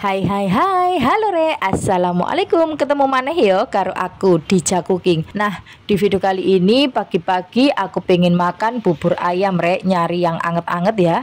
Hai hai hai, halo re, assalamualaikum Ketemu mana yo karo aku di Cooking Nah di video kali ini pagi-pagi aku pengen makan bubur ayam re Nyari yang anget-anget ya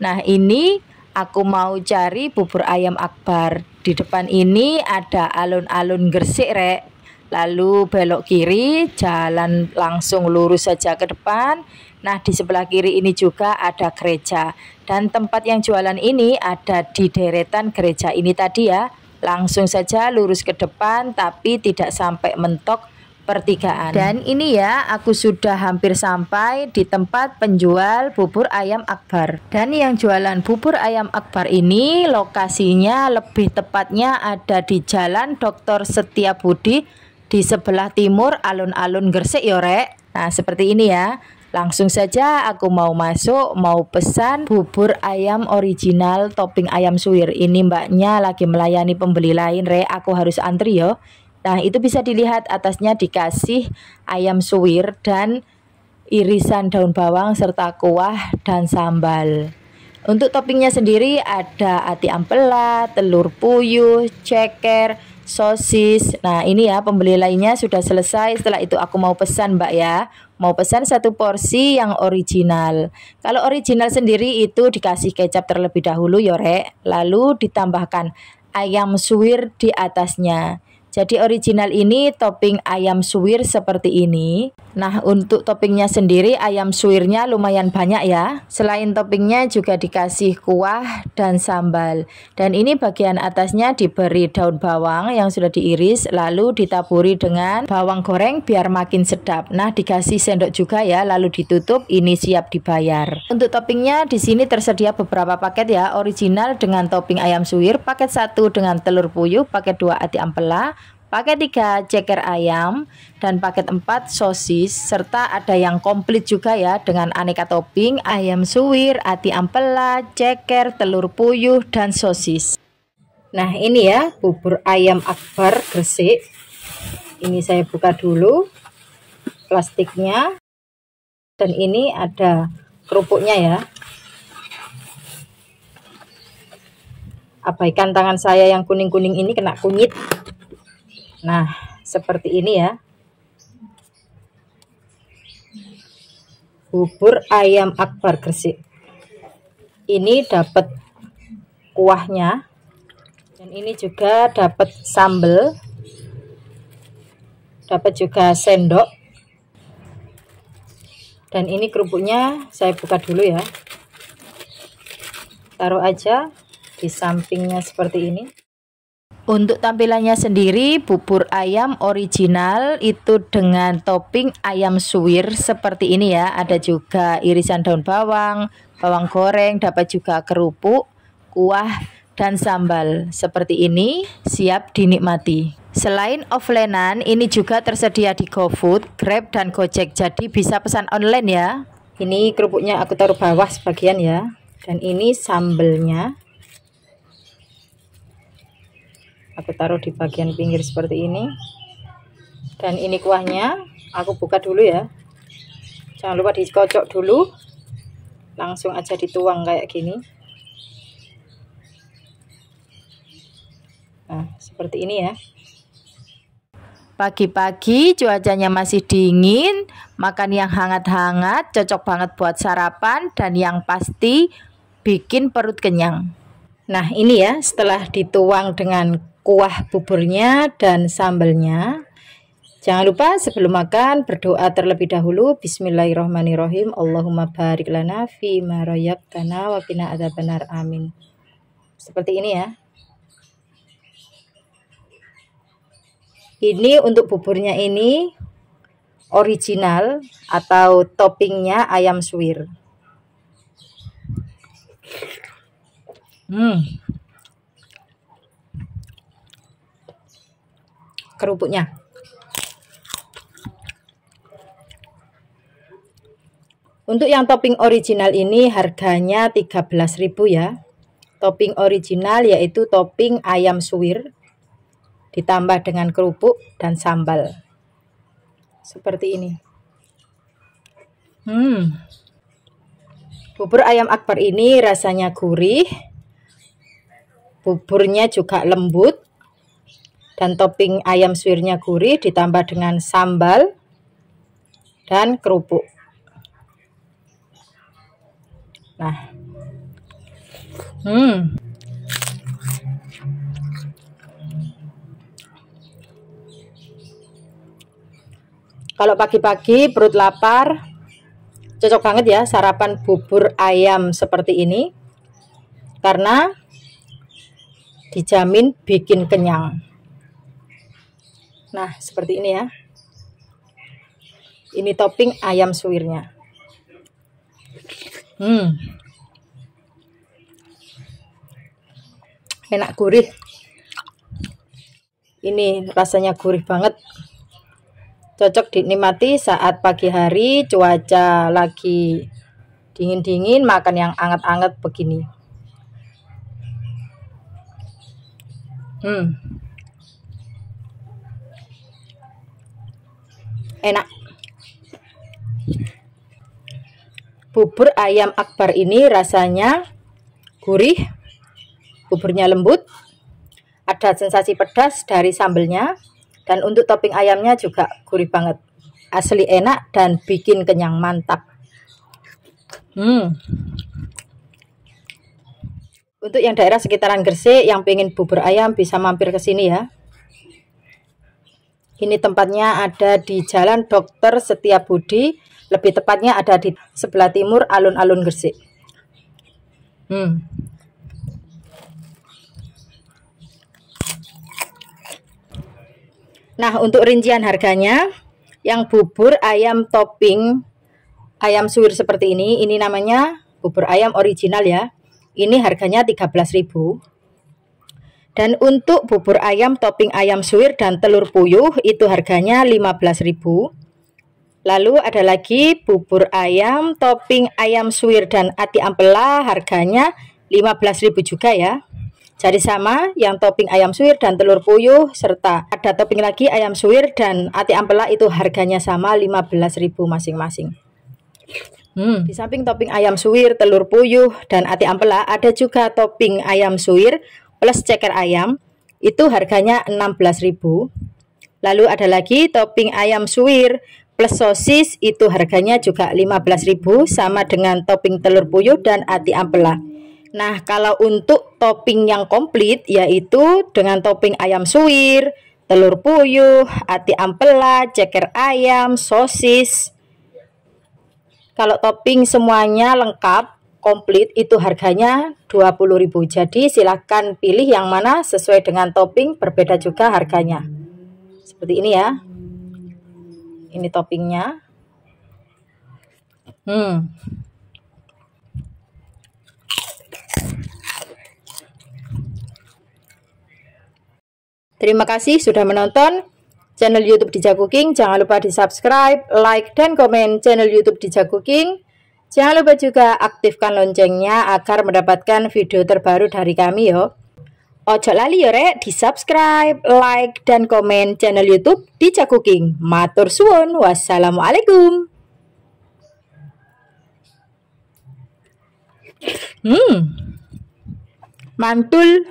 Nah ini aku mau cari bubur ayam akbar Di depan ini ada alun-alun gresik re lalu belok kiri jalan langsung lurus saja ke depan nah di sebelah kiri ini juga ada gereja dan tempat yang jualan ini ada di deretan gereja ini tadi ya langsung saja lurus ke depan tapi tidak sampai mentok pertigaan. Dan ini ya, aku sudah hampir sampai di tempat penjual bubur ayam Akbar. Dan yang jualan bubur ayam Akbar ini lokasinya lebih tepatnya ada di Jalan Dr. Setiabudi di sebelah timur alun-alun Gresik ya rek nah seperti ini ya langsung saja aku mau masuk mau pesan bubur ayam original topping ayam suwir ini mbaknya lagi melayani pembeli lain re. aku harus antri yo nah itu bisa dilihat atasnya dikasih ayam suwir dan irisan daun bawang serta kuah dan sambal untuk toppingnya sendiri ada ati ampela, telur puyuh, ceker, sosis. Nah, ini ya pembeli lainnya sudah selesai. Setelah itu aku mau pesan, Mbak ya. Mau pesan satu porsi yang original. Kalau original sendiri itu dikasih kecap terlebih dahulu, Yorek. Lalu ditambahkan ayam suwir di atasnya. Jadi original ini topping ayam suwir seperti ini. Nah untuk toppingnya sendiri ayam suwirnya lumayan banyak ya Selain toppingnya juga dikasih kuah dan sambal Dan ini bagian atasnya diberi daun bawang yang sudah diiris Lalu ditaburi dengan bawang goreng biar makin sedap Nah dikasih sendok juga ya lalu ditutup ini siap dibayar Untuk toppingnya di sini tersedia beberapa paket ya Original dengan topping ayam suwir Paket satu dengan telur puyuh Paket dua ati ampela Paket 3 ceker ayam dan paket 4 sosis serta ada yang komplit juga ya dengan aneka topping ayam suwir, ati ampela, ceker, telur puyuh dan sosis. Nah, ini ya bubur ayam akbar Gresik. Ini saya buka dulu plastiknya. Dan ini ada kerupuknya ya. Abaikan tangan saya yang kuning-kuning ini kena kunyit. Nah, seperti ini ya. Bubur ayam akbar Gresik. Ini dapat kuahnya dan ini juga dapat sambel Dapat juga sendok. Dan ini kerupuknya saya buka dulu ya. Taruh aja di sampingnya seperti ini. Untuk tampilannya sendiri, bubur ayam original itu dengan topping ayam suwir seperti ini ya. Ada juga irisan daun bawang, bawang goreng, dapat juga kerupuk, kuah, dan sambal. Seperti ini, siap dinikmati. Selain offlinean, ini juga tersedia di GoFood, Grab, dan Gojek. Jadi bisa pesan online ya. Ini kerupuknya aku taruh bawah sebagian ya. Dan ini sambelnya. aku taruh di bagian pinggir seperti ini dan ini kuahnya aku buka dulu ya jangan lupa dikocok dulu langsung aja dituang kayak gini nah seperti ini ya Pagi-pagi cuacanya masih dingin, makan yang hangat-hangat cocok banget buat sarapan dan yang pasti bikin perut kenyang. Nah ini ya setelah dituang dengan kuah buburnya dan sambalnya. Jangan lupa sebelum makan berdoa terlebih dahulu. Bismillahirrahmanirrahim. Allahumma barik lana fi ma royabtana wa bina adabanar Amin. Seperti ini ya. Ini untuk buburnya ini original atau toppingnya ayam suwir. Hmm. kerupuknya Untuk yang topping original ini harganya 13.000 ya. Topping original yaitu topping ayam suwir ditambah dengan kerupuk dan sambal. Seperti ini. Hmm. Bubur ayam akbar ini rasanya gurih. Buburnya juga lembut dan topping ayam suwirnya gurih ditambah dengan sambal dan kerupuk. Nah. Hmm. Kalau pagi-pagi perut lapar, cocok banget ya sarapan bubur ayam seperti ini. Karena dijamin bikin kenyang. Nah, seperti ini ya. Ini topping ayam suwirnya. Hmm. Enak gurih. Ini rasanya gurih banget. Cocok dinikmati saat pagi hari, cuaca lagi dingin-dingin, makan yang anget-anget begini. Hmm. enak bubur ayam akbar ini rasanya gurih buburnya lembut ada sensasi pedas dari sambelnya dan untuk topping ayamnya juga gurih banget asli enak dan bikin kenyang mantap hmm untuk yang daerah sekitaran Gresik yang pengen bubur ayam bisa mampir ke sini ya ini tempatnya ada di Jalan Dokter Setia Budi, lebih tepatnya ada di sebelah timur alun-alun Gresik. Hmm. Nah, untuk rincian harganya, yang bubur ayam topping ayam suwir seperti ini, ini namanya bubur ayam original ya. Ini harganya 13.000. Dan untuk bubur ayam topping ayam suwir dan telur puyuh itu harganya 15.000. Lalu ada lagi bubur ayam topping ayam suwir dan ati ampela harganya 15.000 juga ya. Jadi sama yang topping ayam suwir dan telur puyuh serta ada topping lagi ayam suwir dan ati ampela itu harganya sama 15.000 masing-masing. Hmm. Di samping topping ayam suwir, telur puyuh, dan ati ampela, ada juga topping ayam suwir, plus ceker ayam itu harganya 16.000. Lalu ada lagi topping ayam suwir plus sosis itu harganya juga 15.000 sama dengan topping telur puyuh dan ati ampela. Nah, kalau untuk topping yang komplit yaitu dengan topping ayam suwir, telur puyuh, ati ampela, ceker ayam, sosis. Kalau topping semuanya lengkap komplit itu harganya 20.000. Jadi silahkan pilih yang mana sesuai dengan topping berbeda juga harganya. Seperti ini ya. Ini toppingnya. Hmm. Terima kasih sudah menonton channel YouTube Dija Cooking. Jangan lupa di subscribe, like, dan komen channel YouTube Dija Cooking. Jangan lupa juga aktifkan loncengnya agar mendapatkan video terbaru dari kami yo. Ojo lali yo di subscribe, like, dan komen channel YouTube di Cooking. Matur suwun, wassalamualaikum. Hmm, mantul.